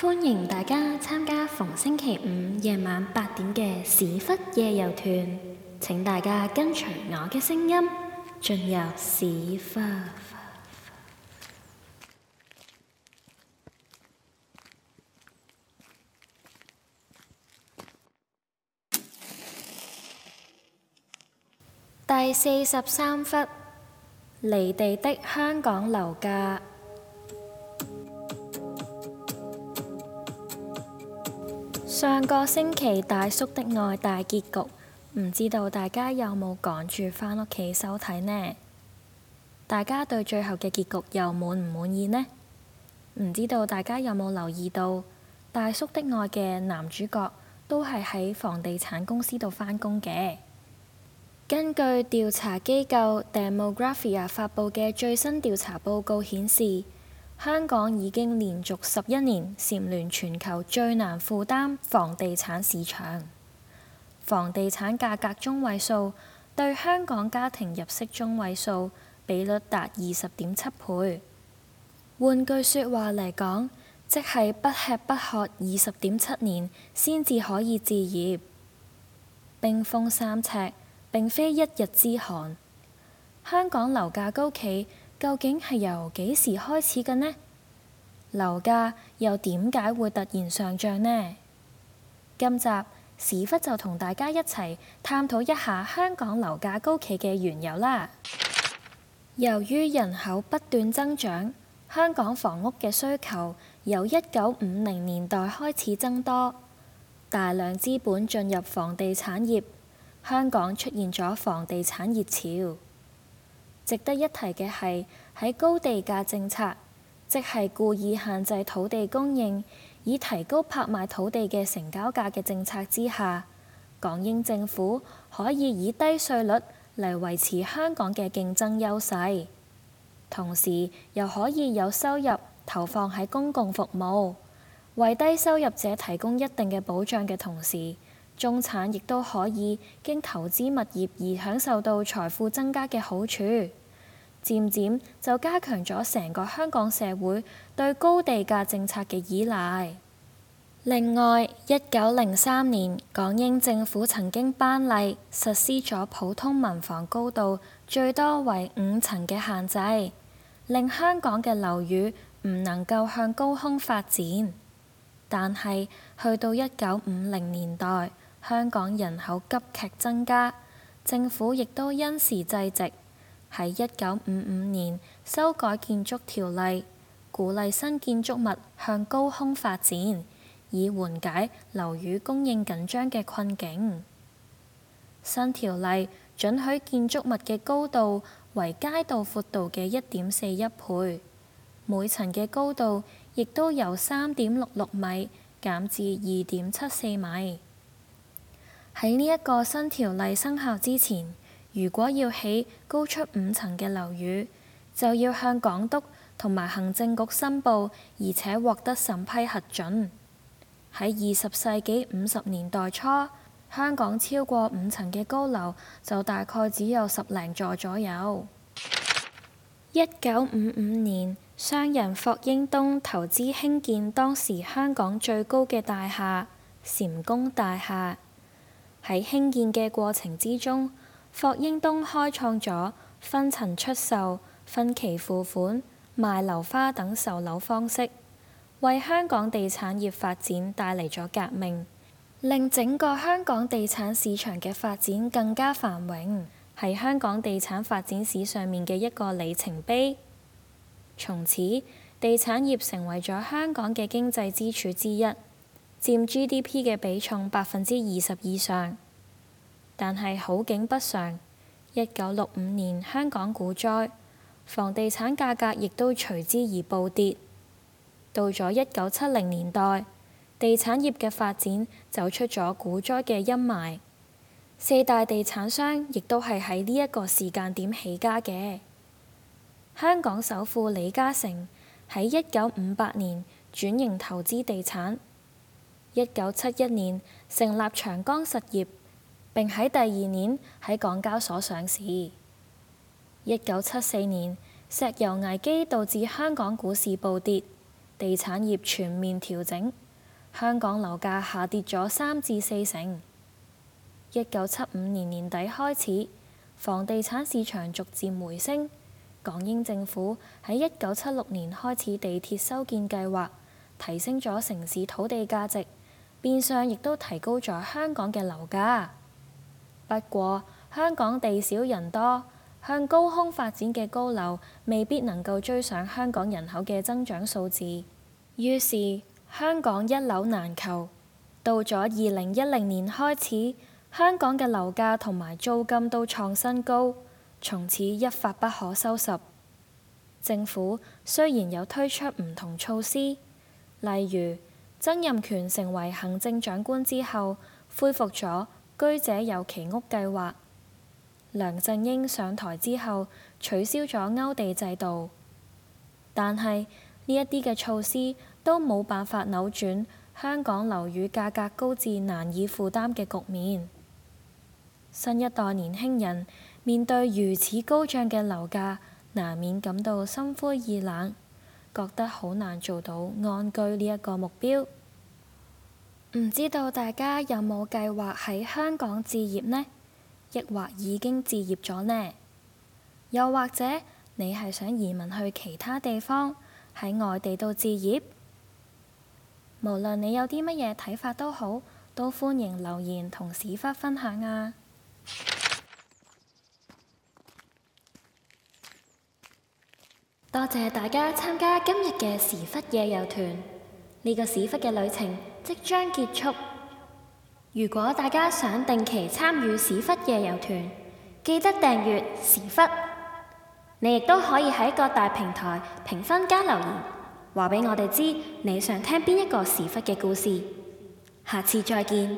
歡迎大家參加逢星期五晚夜晚八點嘅屎忽夜遊團。請大家跟隨我嘅聲音進入屎忽。 第四十三窟：離地的香港樓價。上個星期《大叔的愛》大結局，唔知道大家有冇趕住返屋企收睇呢？大家對最後嘅結局又滿唔滿意呢？唔知道大家有冇留意到《大叔的愛》嘅男主角都係喺房地產公司度返工嘅。根據調查機構 Demographia 發佈嘅最新調查報告顯示，香港已經連續十一年蟬聯全球最難負擔房地產市場，房地產價格中位數對香港家庭入息中位數比率達二十點七倍。換句説話嚟講，即係不吃不喝二十點七年先至可以置業。冰封三尺，並非一日之寒。香港樓價高企。究竟係由幾時開始嘅呢？樓價又點解會突然上漲呢？今集史窟就同大家一齊探討一下香港樓價高企嘅緣由啦。由於人口不斷增長，香港房屋嘅需求由一九五零年代開始增多，大量資本進入房地產業，香港出現咗房地產熱潮。值得一提嘅係，喺高地價政策，即係故意限制土地供應，以提高拍賣土地嘅成交價嘅政策之下，港英政府可以以低稅率嚟維持香港嘅競爭優勢，同時又可以有收入投放喺公共服務，為低收入者提供一定嘅保障嘅同時，中產亦都可以經投資物業而享受到財富增加嘅好處。漸漸就加強咗成個香港社會對高地價政策嘅依賴。另外，一九零三年，港英政府曾經頒例實施咗普通民房高度最多為五層嘅限制，令香港嘅樓宇唔能夠向高空發展。但係去到一九五零年代，香港人口急劇增加，政府亦都因時制宜。喺一九五五年修改建築條例，鼓勵新建築物向高空發展，以緩解樓宇供應緊張嘅困境。新條例准許建築物嘅高度為街道闊度嘅一點四一倍，每層嘅高度亦都由三點六六米減至二點七四米。喺呢一個新條例生效之前，如果要起高出五層嘅樓宇，就要向港督同埋行政局申報，而且獲得審批核准。喺二十世紀五十年代初，香港超過五層嘅高樓就大概只有十零座左右。一九五五年，商人霍英東投資興建當時香港最高嘅大廈——蟾宮大廈。喺興建嘅過程之中，霍英東開創咗分層出售、分期付款、賣樓花等售樓方式，為香港地產業發展帶嚟咗革命，令整個香港地產市場嘅發展更加繁榮，係香港地產發展史上面嘅一個里程碑。從此，地產業成為咗香港嘅經濟支柱之一，佔 GDP 嘅比重百分之二十以上。但係好景不常，一九六五年香港股災，房地產價格亦都隨之而暴跌。到咗一九七零年代，地產業嘅發展走出咗股災嘅陰霾，四大地產商亦都係喺呢一個時間點起家嘅。香港首富李嘉誠喺一九五八年轉型投資地產，一九七一年成立長江實業。並喺第二年喺港交所上市。一九七四年石油危機導致香港股市暴跌，地產業全面調整，香港樓價下跌咗三至四成。一九七五年年底開始，房地產市場逐漸回升。港英政府喺一九七六年開始地鐵修建計劃，提升咗城市土地價值，變相亦都提高咗香港嘅樓價。不過，香港地少人多，向高空發展嘅高樓未必能夠追上香港人口嘅增長數字，於是香港一樓難求。到咗二零一零年開始，香港嘅樓價同埋租金都創新高，從此一發不可收拾。政府雖然有推出唔同措施，例如曾蔭權成為行政長官之後，恢復咗居者有其屋計劃，梁振英上台之後取消咗勾地制度，但係呢一啲嘅措施都冇辦法扭轉香港樓宇價格高至難以負擔嘅局面。新一代年輕人面對如此高漲嘅樓價，難免感到心灰意冷，覺得好難做到安居呢一個目標。唔知道大家有冇計劃喺香港置業呢？抑或已經置業咗呢？又或者你係想移民去其他地方喺外地度置業？無論你有啲乜嘢睇法都好，都歡迎留言同史窟分享啊！多謝大家參加今日嘅史窟夜遊團，呢個史窟嘅旅程即將結束。如果大家想定期參與史窟夜遊團，記得訂閱史窟。你亦都可以喺各大平台評分加留言，話俾我哋知你想聽邊一個史窟嘅故事。下次再見。